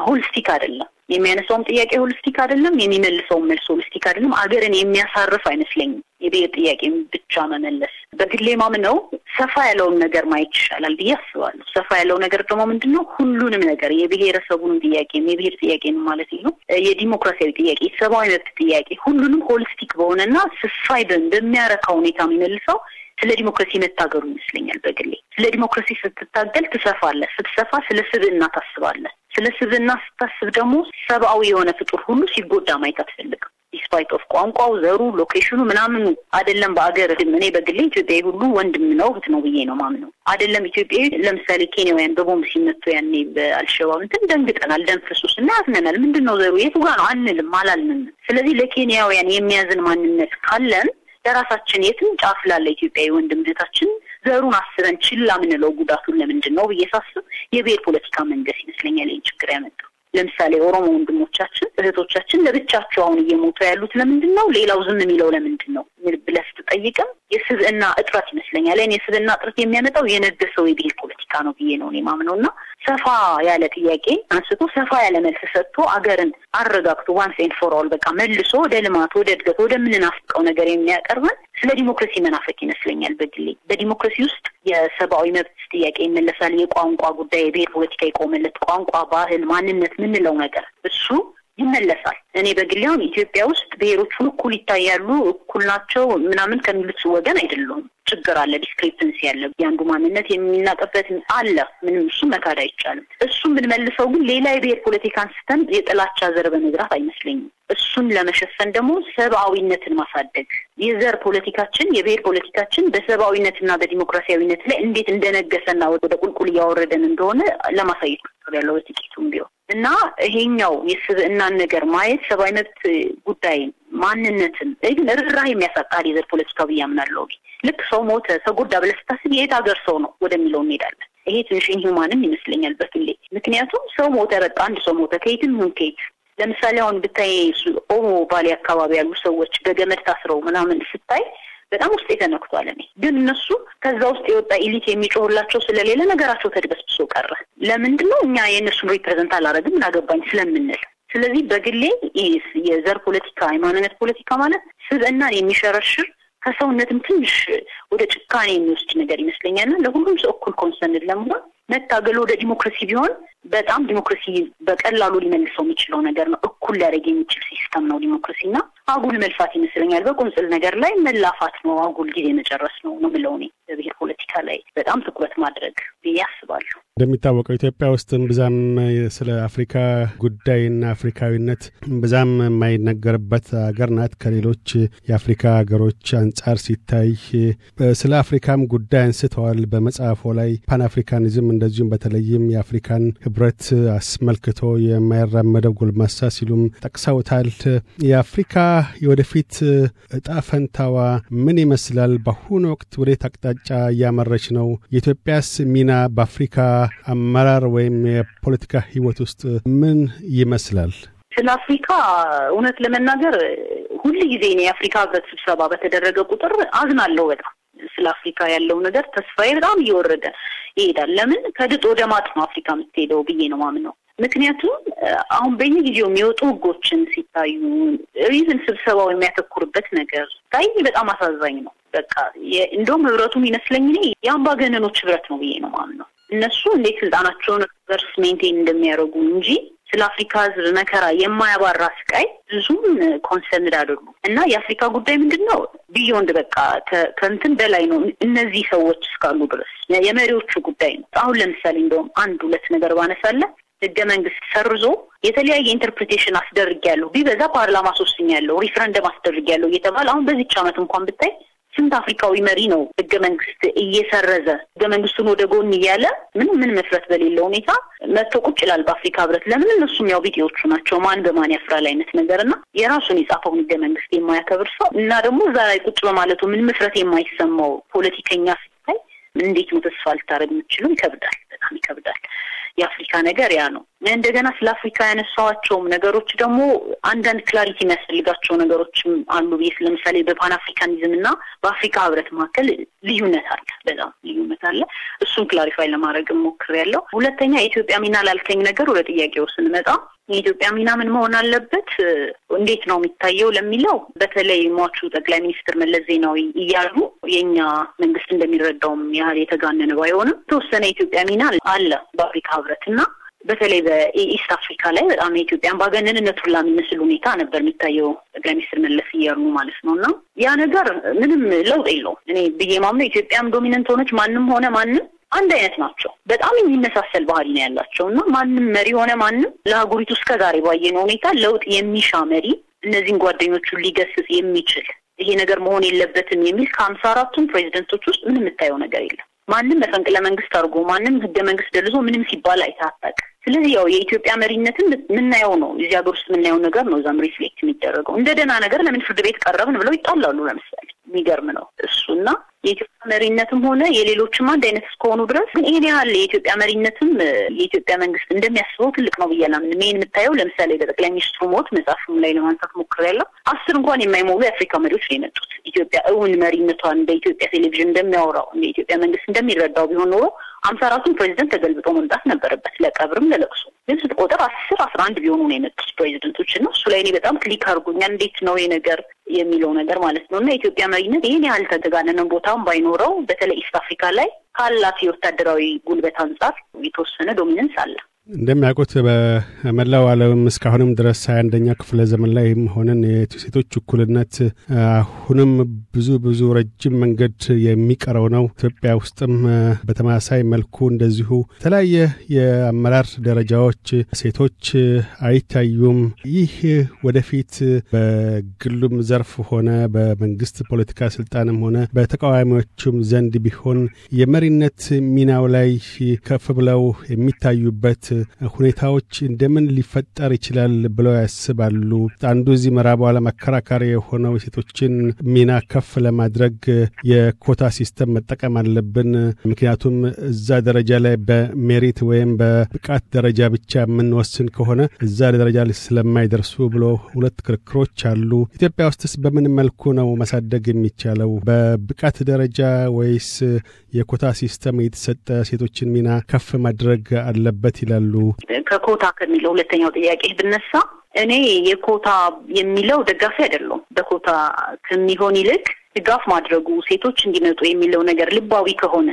ሆልስቲክ አይደለም። የሚያነሳውም ጥያቄ ሆሊስቲክ አይደለም፣ የሚመልሰውም መልስ ሆሊስቲክ አይደለም። አገርን የሚያሳርፍ አይመስለኝም። የብሔር ጥያቄም ብቻ መመለስ በግሌ ማምነው ሰፋ ያለውን ነገር ማየት ይሻላል ብዬ አስባለሁ። ሰፋ ያለው ነገር ደግሞ ምንድን ነው? ሁሉንም ነገር የብሔረሰቡንም ጥያቄ የብሔር ጥያቄ ማለት ነው፣ የዲሞክራሲያዊ ጥያቄ፣ የሰብአዊ መብት ጥያቄ፣ ሁሉንም ሆሊስቲክ በሆነና ስፋይ በሚያረካ ሁኔታ የሚመልሰው ስለ ዲሞክራሲ መታገሩ ይመስለኛል። በግሌ ስለ ዲሞክራሲ ስትታገል ትሰፋለህ። ስትሰፋ ስለ ስብዕና ታስባለህ። ስለ ስብና ስታስብ ደግሞ ሰብአዊ የሆነ ፍጡር ሁሉ ሲጎዳ ማየት አትፈልግም። ዲስፓይት ኦፍ ቋንቋው፣ ዘሩ፣ ሎኬሽኑ ምናምኑ አይደለም። በአገር እኔ በግሌ ኢትዮጵያዊ ሁሉ ወንድም ነው እህት ነው ብዬ ነው ማምነው። አይደለም ኢትዮጵያዊ ለምሳሌ ኬንያውያን በቦምብ ሲመቱ ያኔ በአልሸባብ እንትን ደንግጠናል፣ ደንፍሱስ እና ያዝነናል። ምንድን ነው ዘሩ የቱ ጋር ነው አንልም፣ አላልንም። ስለዚህ ለኬንያውያን የሚያዝን ማንነት ካለን ለራሳችን የትም ጫፍ ላለ ኢትዮጵያዊ ወንድም እህታችን ዘሩን አስበን ችላ የምንለው ጉዳቱን ለምንድን ነው ብዬ ሳስብ የብሔር ፖለቲካ መንገስ ይመስለኛል ይህን ችግር ያመጣው። ለምሳሌ ኦሮሞ ወንድሞቻችን እህቶቻችን ለብቻቸው አሁን እየሞቱ ያሉት ለምንድን ነው? ሌላው ዝም የሚለው ለምንድን ነው ብለህ ስትጠይቅም የስብዕና እጥረት ይመስለኛል። ያን የስብዕና እጥረት የሚያመጣው የነገሰው የብሔር ፖለቲካ ነው ብዬ ነው እኔ የማምነው እና ሰፋ ያለ ጥያቄ አንስቶ ሰፋ ያለ መልስ ሰጥቶ አገርን አረጋግቶ ዋንስ ኤንድ ፎር ኦል በቃ መልሶ ወደ ልማት፣ ወደ እድገት፣ ወደምንናፍቀው ነገር የሚያቀርበን ስለ ዲሞክራሲ መናፈቅ ይመስለኛል። በግሌ በዲሞክራሲ ውስጥ የሰብአዊ መብት ጥያቄ ይመለሳል። የቋንቋ ጉዳይ፣ የብሔር ፖለቲካ የቆመለት ቋንቋ፣ ባህል፣ ማንነት ምንለው ነገር እሱ ይመለሳል። እኔ በግሌ አሁን ኢትዮጵያ ውስጥ ብሔሮቹን እኩል ይታያሉ፣ እኩል ናቸው ምናምን ከሚሉት ወገን አይደሉም። ችግር አለ፣ ዲስክሪፕንሲ ያለ የአንዱ ማንነት የሚናቅበት አለ። ምንም እሱ መካድ አይቻልም። እሱም ብንመልሰው ግን ሌላ የብሔር ፖለቲካ አንስተን የጥላቻ ዘር በመዝራት አይመስለኝም። እሱን ለመሸፈን ደግሞ ሰብአዊነትን ማሳደግ የዘር ፖለቲካችን የብሔር ፖለቲካችን በሰብአዊነትና በዲሞክራሲያዊነት ላይ እንዴት እንደነገሰና ወደ ቁልቁል እያወረደን እንደሆነ ለማሳየት ነው ያለው በጥቂቱም ቢሆን እና ይሄኛው የስብእናን ነገር ማየት ሰብአዊ መብት ጉዳይን ማንነትን ግን ርራ የሚያሳጣል የዘር ፖለቲካ ብዬ አምናለሁ። ልክ ሰው ሞተ ሰው ጎዳ ብለህ ስታስብ የየት ሀገር ሰው ነው ወደሚለው እንሄዳለን። ይሄ ትንሽ ኢንሁማንም ይመስለኛል በግሌ። ምክንያቱም ሰው ሞተ፣ በቃ አንድ ሰው ሞተ፣ ከየትም ይሁን ከየት ለምሳሌ አሁን ብታይ ኦሞ ባሌ አካባቢ ያሉ ሰዎች በገመድ ታስረው ምናምን ስታይ በጣም ውስጥ የተነክቷል። እኔ ግን እነሱ ከዛ ውስጥ የወጣ ኢሊት የሚጮሁላቸው ስለሌለ ነገራቸው ተድበስብሶ ቀረ። ለምንድን ነው እኛ የእነሱን ሪፕሬዘንት አላረግም እናገባኝ ስለምንል። ስለዚህ በግሌ የዘር ፖለቲካ፣ የማንነት ፖለቲካ ማለት ስብዕናን የሚሸረሽር ከሰውነትም ትንሽ ወደ ጭካኔ የሚወስድ ነገር ይመስለኛልና ለሁሉም ሰው እኩል ለመሆን መታገል ወደ ዲሞክራሲ ቢሆን በጣም ዲሞክራሲ በቀላሉ ሊመልሰው የሚችለው ነገር ነው። እኩል ሊያደርግ የሚችል ሲስተም ነው ዲሞክራሲ እና አጉል መልፋት ይመስለኛል። በቁንጽል ነገር ላይ መላፋት ነው፣ አጉል ጊዜ መጨረስ ነው ነው የምለው እኔ። በብሔር ፖለቲካ ላይ በጣም ትኩረት ማድረግ ብዬ አስባለሁ። እንደሚታወቀው ኢትዮጵያ ውስጥ ብዛም ስለ አፍሪካ ጉዳይና አፍሪካዊነት ብዛም የማይነገርበት ሀገር ናት ከሌሎች የአፍሪካ ሀገሮች አንጻር ሲታይ። ስለ አፍሪካም ጉዳይ አንስተዋል በመጽሐፎ ላይ ፓን አፍሪካኒዝም እንደዚሁም በተለይም የአፍሪካን ህብረት አስመልክቶ የማይራመደው ጎልማሳ ሲሉም ጠቅሰውታል። የአፍሪካ የወደፊት እጣ ፈንታዋ ምን ይመስላል? በአሁኑ ወቅት ወዴት አቅጣጫ እያመረች ነው? የኢትዮጵያስ ሚና በአፍሪካ አመራር ወይም የፖለቲካ ህይወት ውስጥ ምን ይመስላል? ስለ አፍሪካ እውነት ለመናገር ሁል ጊዜ የአፍሪካ ህብረት ስብሰባ በተደረገ ቁጥር አዝናለሁ በጣም ስለ አፍሪካ ያለው ነገር ተስፋዬ በጣም እየወረደ ይሄዳል። ለምን ከድጥ ወደ ማጥ ነው አፍሪካ የምትሄደው ብዬ ነው ማምነው። ምክንያቱም አሁን በየጊዜው የሚወጡ ህጎችን ሲታዩ ሪዝን ስብሰባው የሚያተኩርበት ነገር ታይ በጣም አሳዛኝ ነው። በቃ እንደውም ህብረቱም ይመስለኝ እኔ የአምባገነኖች ህብረት ነው ብዬ ነው ማምነው። እነሱ እንዴት ስልጣናቸውን እርስ ሜንቴን እንደሚያደርጉ እንጂ ስለ አፍሪካ ህዝብ መከራ የማያባራ ስቃይ ብዙም ኮንሰርንድ አይደሉም እና የአፍሪካ ጉዳይ ምንድን ነው ቢዮንድ በቃ ከንትን በላይ ነው። እነዚህ ሰዎች እስካሉ ድረስ የመሪዎቹ ጉዳይ ነው። አሁን ለምሳሌ እንደውም አንድ ሁለት ነገር ባነሳለ ህገ መንግስት ሰርዞ የተለያየ ኢንተርፕሬቴሽን አስደርግ ያለሁ ቢበዛ ፓርላማ ሶስተኛ ያለው ሪፍረንደም ያለው እየተባለ አሁን በዚች ዓመት እንኳን ብታይ ስንት አፍሪካዊ መሪ ነው ህገ መንግስት እየሰረዘ ህገ መንግስቱን ወደ ጎን እያለ ምንም ምን መስረት በሌለ ሁኔታ መጥቶ ቁጭ ይላል በአፍሪካ ህብረት። ለምን እነሱም ያው ቢጤዎቹ ናቸው። ማን በማን ያፍራል አይነት ነገር እና የራሱን የጻፈውን ህገ መንግስት የማያከብር ሰው እና ደግሞ እዛ ላይ ቁጭ በማለቱ ምን መስረት የማይሰማው ፖለቲከኛ ሲታይ እንዴት ነው ተስፋ ልታደርግ የምችሉ? ይከብዳል፣ በጣም ይከብዳል። የአፍሪካ ነገር ያ ነው። እንደገና ስለ አፍሪካ ያነሳዋቸውም ነገሮች ደግሞ አንዳንድ ክላሪቲ የሚያስፈልጋቸው ነገሮችም አሉ ብዬ ለምሳሌ በፓን አፍሪካኒዝም እና በአፍሪካ ህብረት መካከል ልዩነት አለ፣ በጣም ልዩነት አለ። እሱም ክላሪፋይ ለማድረግ ሞክር ያለው። ሁለተኛ የኢትዮጵያ ሚና ላልከኝ ነገር ወደ ጥያቄው ስንመጣ የኢትዮጵያ ሚና ምን መሆን አለበት፣ እንዴት ነው የሚታየው ለሚለው በተለይ ሟቹ ጠቅላይ ሚኒስትር መለስ ዜናዊ እያሉ የእኛ መንግስት እንደሚረዳውም ያህል የተጋነነ ባይሆንም የተወሰነ የኢትዮጵያ ሚና አለ በአፍሪካ ህብረት እና በተለይ በኢስት አፍሪካ ላይ በጣም የኢትዮጵያን ባገነንነት ሁላ የሚመስል ሁኔታ ነበር የሚታየው ጠቅላይ ሚኒስትር መለስ እያሉ ማለት ነው። እና ያ ነገር ምንም ለውጥ የለውም እኔ ብዬ ማምነው ኢትዮጵያም ዶሚነንት ሆነች ማንም ሆነ ማንም አንድ አይነት ናቸው። በጣም የሚመሳሰል ባህሪ ነው ያላቸው እና ማንም መሪ ሆነ ማንም እስከ እስከዛሬ ባየነው ሁኔታ ለውጥ የሚሻ መሪ እነዚህን ጓደኞቹን ሊገስጽ የሚችል ይሄ ነገር መሆን የለበትም የሚል ከሀምሳ አራቱም ፕሬዚደንቶች ውስጥ ምን የምታየው ነገር የለም። ማንም መፈንቅለ መንግስት አድርጎ ማንም ህገ መንግስት ደልዞ ምንም ሲባል አይታጠቅ ስለዚህ ያው የኢትዮጵያ መሪነትን የምናየው ነው። እዚህ ሀገር ውስጥ የምናየው ነገር ነው። እዛም ሪፍሌክት የሚደረገው እንደ ደህና ነገር ለምን ፍርድ ቤት ቀረብን ብለው ይጣላሉ። ለምሳሌ የሚገርም ነው እሱና የኢትዮጵያ መሪነትም ሆነ የሌሎችም አንድ አይነት እስከሆኑ ድረስ ግን ይሄን ያህል የኢትዮጵያ መሪነትም የኢትዮጵያ መንግስት እንደሚያስበው ትልቅ ነው ብዬ ይሄን የምታየው ለምሳሌ በጠቅላይ ሚኒስትሩ ሞት መጽሐፍም ላይ ለማንሳት ያለው አስር እንኳን የማይሞሉ የአፍሪካ መሪዎች ነው የመጡት። ኢትዮጵያ እውን መሪነቷን በኢትዮጵያ ቴሌቪዥን እንደሚያወራው የኢትዮጵያ መንግስት እንደሚረዳው ቢሆን ኖሮ አምሳ አራቱን ፕሬዚደንት ተገልብጦ መምጣት ነበረበት ለቀብርም ለለቅሶ ግን ስት ስትቆጥር አስር አስራ አንድ ቢሆኑ ነው የመጡት ፕሬዚደንቶች ነው እሱ ላይ እኔ በጣም ክሊክ አድርጎኛል። እንዴት ነው ይሄ ነገር የሚለው ነገር ማለት ነው እና የኢትዮጵያ መሪነት ይህን ያህል ተጋነነን ቦታም ባይኖረው በተለይ ኢስት አፍሪካ ላይ ካላት የወታደራዊ ጉልበት አንጻር የተወሰነ ዶሚነንስ አለ። እንደሚያውቁት በመላው ዓለም እስካሁንም ድረስ ሃያ አንደኛ ክፍለ ዘመን ላይ ሆነን የሴቶች እኩልነት አሁንም ብዙ ብዙ ረጅም መንገድ የሚቀረው ነው። ኢትዮጵያ ውስጥም በተመሳሳይ መልኩ እንደዚሁ የተለያየ የአመራር ደረጃዎች ሴቶች አይታዩም። ይህ ወደፊት በግሉም ዘርፍ ሆነ በመንግስት ፖለቲካ ስልጣንም ሆነ በተቃዋሚዎቹም ዘንድ ቢሆን የመሪነት ሚናው ላይ ከፍ ብለው የሚታዩበት ሁኔታዎች እንደምን ሊፈጠር ይችላል ብለው ያስባሉ? አንዱ እዚህ ምዕራቡ ዓለም አከራካሪ የሆነው የሴቶችን ሚና ከፍ ለማድረግ የኮታ ሲስተም መጠቀም አለብን፣ ምክንያቱም እዛ ደረጃ ላይ በሜሪት ወይም በብቃት ደረጃ ብቻ የምንወስን ከሆነ እዛ ደረጃ ላይ ስለማይደርሱ ብሎ ሁለት ክርክሮች አሉ። ኢትዮጵያ ውስጥስ በምን መልኩ ነው ማሳደግ የሚቻለው? በብቃት ደረጃ ወይስ የኮታ ሲስተም የተሰጠ ሴቶችን ሚና ከፍ ማድረግ አለበት ይላል። ያሉ? ከኮታ ከሚለው ሁለተኛው ጥያቄ ብነሳ እኔ የኮታ የሚለው ደጋፊ አይደለም። በኮታ ከሚሆን ይልቅ ድጋፍ ማድረጉ ሴቶች እንዲመጡ የሚለው ነገር ልባዊ ከሆነ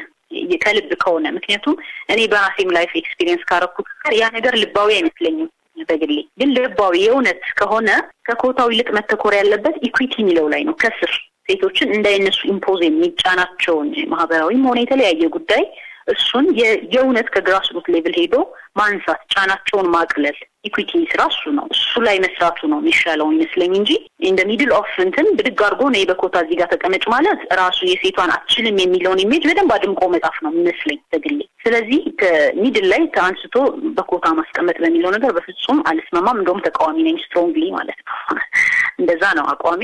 ከልብ ከሆነ ምክንያቱም እኔ በራሴም ላይፍ ኤክስፒሪየንስ ካረኩት ጋር ያ ነገር ልባዊ አይመስለኝም። በግሌ ግን ልባዊ የእውነት ከሆነ ከኮታው ይልቅ መተኮር ያለበት ኢኩዊቲ የሚለው ላይ ነው። ከስር ሴቶችን እንዳይነሱ ኢምፖዝ የሚጫናቸውን ማህበራዊም ሆነ የተለያየ ጉዳይ እሱን የእውነት ከግራስሩት ሌቭል ሄዶ ማንሳት፣ ጫናቸውን ማቅለል ኢኩዊቲ ስራ እሱ ነው። እሱ ላይ መስራቱ ነው የሚሻለው ይመስለኝ እንጂ እንደ ሚድል ኦፍ እንትን ብድግ አርጎ ነ በኮታ እዚህ ጋር ተቀመጭ ማለት ራሱ የሴቷን አችልም የሚለውን ኢሜጅ በደንብ አድምቆ መጻፍ ነው የሚመስለኝ በግሌ። ስለዚህ ከሚድል ላይ ከአንስቶ በኮታ ማስቀመጥ በሚለው ነገር በፍጹም አልስመማም እንደውም ተቃዋሚ ነኝ ስትሮንግሊ ማለት ነው። እንደዛ ነው አቋሜ።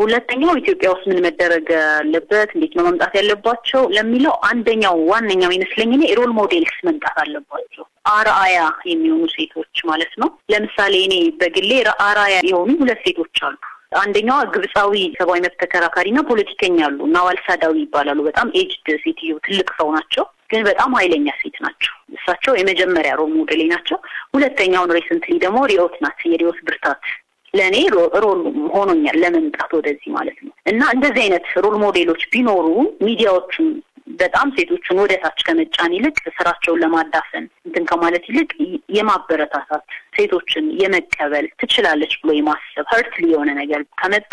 ሁለተኛው ኢትዮጵያ ውስጥ ምን መደረግ አለበት፣ እንዴት ነው መምጣት ያለባቸው ለሚለው አንደኛው ዋነኛው ይመስለኝ እኔ ሮል ሞዴልስ መምጣት አለባቸው፣ አርአያ የሚሆኑ ሴቶች ማለት ነው። ለምሳሌ እኔ በግሌ አርአያ የሆኑ ሁለት ሴቶች አሉ። አንደኛዋ ግብፃዊ ሰብአዊ መብት ተከራካሪና ፖለቲከኛ አሉ፣ ናዋል ሳዳዊ ይባላሉ። በጣም ኤጅድ ሴትዮ ትልቅ ሰው ናቸው፣ ግን በጣም ኃይለኛ ሴት ናቸው። እሳቸው የመጀመሪያ ሮል ሞዴሌ ናቸው። ሁለተኛውን ሬሰንትሊ ደግሞ ሪኦት ናት፣ የሪኦት ብርታት ለእኔ ሮል ሆኖኛል ለመምጣት ወደዚህ ማለት ነው። እና እንደዚህ አይነት ሮል ሞዴሎች ቢኖሩ ሚዲያዎቹም በጣም ሴቶቹን ወደ ታች ከመጫን ይልቅ ስራቸውን ለማዳፈን እንትን ከማለት ይልቅ የማበረታታት ሴቶችን የመቀበል ትችላለች ብሎ የማሰብ ሀርትሊ የሆነ ነገር ከመጣ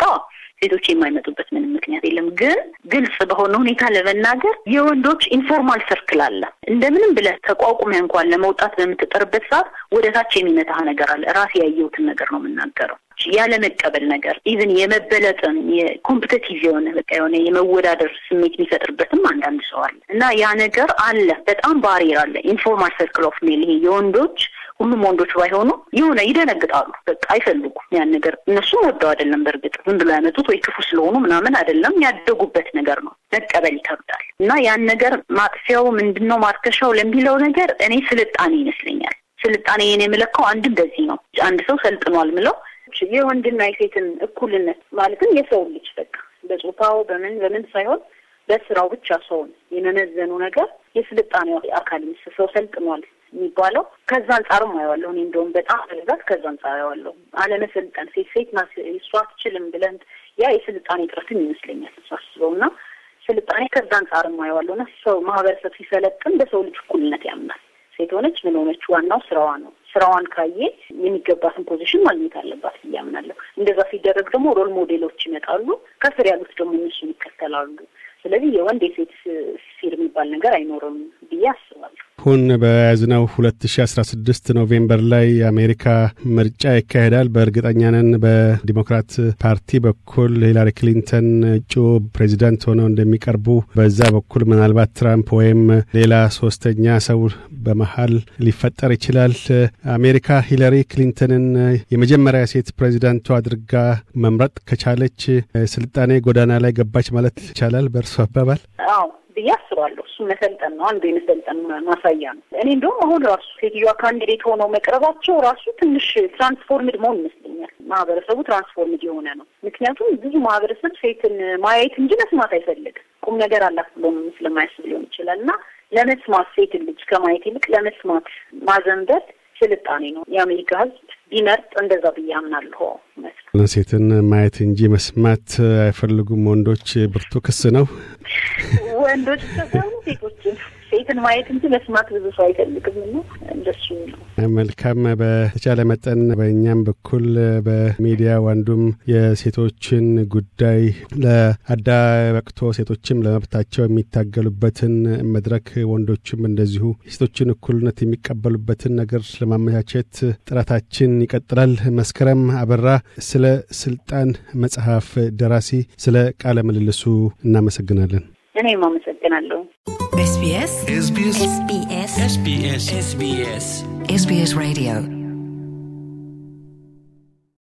ሴቶች የማይመጡበት ምንም ምክንያት የለም። ግን ግልጽ በሆነ ሁኔታ ለመናገር የወንዶች ኢንፎርማል ሰርክል አለ። እንደምንም ብለህ ተቋቁመ እንኳን ለመውጣት በምትጠርበት ሰዓት ወደ ታች የሚመታህ ነገር አለ። ራሴ ያየሁትን ነገር ነው የምናገረው። ያለመቀበል ነገር ኢቭን የመበለጥን የኮምፕቲቲቭ የሆነ በቃ የሆነ የመወዳደር ስሜት የሚፈጥርበትም አንዳንድ ሰው አለ እና ያ ነገር አለ። በጣም ባሪር አለ። ኢንፎርማል ሰርክል ኦፍ ሜል ይሄ የወንዶች ሁሉም ወንዶች ባይሆኑ የሆነ ይደነግጣሉ። በቃ አይፈልጉም ያን ነገር። እነሱም ወደው አይደለም። በእርግጥ ዝም ብሎ ያመጡት ወይ ክፉ ስለሆኑ ምናምን አይደለም። ያደጉበት ነገር ነው። መቀበል ይከብዳል። እና ያን ነገር ማጥፊያው ምንድን ነው ማርከሻው ለሚለው ነገር እኔ ስልጣኔ ይመስለኛል። ስልጣኔ ስልጣኔን የምለካው አንድም በዚህ ነው። አንድ ሰው ሰልጥኗል ምለው የወንድና የሴትን እኩልነት ማለትም የሰው ልጅ በቃ በጾታው በምን በምን ሳይሆን በስራው ብቻ ሰውን የመመዘኑ ነገር የስልጣኔው አካል ምስ ሰው ሰልጥኗል የሚባለው ከዛ አንጻርም አየዋለሁ። እኔ እንደውም በጣም በብዛት ከዛ አንጻር አየዋለሁ። አለመሰልጠን ሴት ሴት ናት እሷ አትችልም ብለን ያ የስልጣኔ ጥረትም ይመስለኛል ሳስበው ና ስልጣኔ ከዛ አንጻርም አየዋለሁ ና ሰው ማህበረሰብ ሲሰለጥን በሰው ልጅ እኩልነት ያምናል። ሴት ሆነች ምን ሆነች ዋናው ስራዋ ነው። ስራዋን ካየ የሚገባትን ፖዚሽን ማግኘት አለባት ብዬ አምናለሁ። እንደዛ ሲደረግ ደግሞ ሮል ሞዴሎች ይመጣሉ፣ ከስር ያሉት ደግሞ እነሱን ይከተላሉ። ስለዚህ የወንድ የሴት ሲር የሚባል ነገር አይኖርም ብዬ አስባለሁ። አሁን በያዝነው 2016 ኖቬምበር ላይ የአሜሪካ ምርጫ ይካሄዳል። በእርግጠኛነን በዲሞክራት ፓርቲ በኩል ሂላሪ ክሊንተን እጩ ፕሬዚዳንት ሆነው እንደሚቀርቡ፣ በዛ በኩል ምናልባት ትራምፕ ወይም ሌላ ሶስተኛ ሰው በመሀል ሊፈጠር ይችላል። አሜሪካ ሂላሪ ክሊንተንን የመጀመሪያ ሴት ፕሬዚዳንቱ አድርጋ መምረጥ ከቻለች ስልጣኔ ጎዳና ላይ ገባች ማለት ይቻላል በእርሱ አባባል? ብዬ አስባለሁ። እሱ መሰልጠን ነው፣ አንዱ የመሰልጠን ማሳያ ነው። እኔ እንደውም አሁን ራሱ ሴትዮዋ ካንዲዴት ሆነው መቅረባቸው ራሱ ትንሽ ትራንስፎርምድ መሆን ይመስለኛል። ማህበረሰቡ ትራንስፎርምድ የሆነ ነው። ምክንያቱም ብዙ ማህበረሰብ ሴትን ማየት እንጂ መስማት አይፈልግም። ቁም ነገር አላት ብሎ ስለማያስብ ሊሆን ይችላል እና ለመስማት ሴት ልጅ ከማየት ይልቅ ለመስማት ማዘንበት ስልጣኔ ነው። የአሜሪካ ህዝብ ቢመርጥ እንደዛ ብዬ አምናለሁ። ሴትን ማየት እንጂ መስማት አይፈልጉም ወንዶች ብርቱ ክስ ነው። (laughs) ወንዶች ተሰሙ ሴቶችን ሴትን ማየት እንጂ መስማት ብዙ ሰው አይፈልግም ና እንደሱ ነው። መልካም። በተቻለ መጠን በእኛም በኩል በሚዲያ ወንዱም የሴቶችን ጉዳይ በቅቶ ሴቶችም ለመብታቸው የሚታገሉበትን መድረክ ወንዶችም እንደዚሁ የሴቶችን እኩልነት የሚቀበሉበትን ነገር ለማመቻቸት ጥረታችን ይቀጥላል። መስከረም አበራ ስለ ስልጣን መጽሐፍ ደራሲ ስለ ቃለ ምልልሱ እናመሰግናለን። ዜና አመሰግናለሁ። ኤስቢኤስ ኤስቢኤስ ኤስቢኤስ ኤስቢኤስ ኤስቢኤስ ሬዲዮ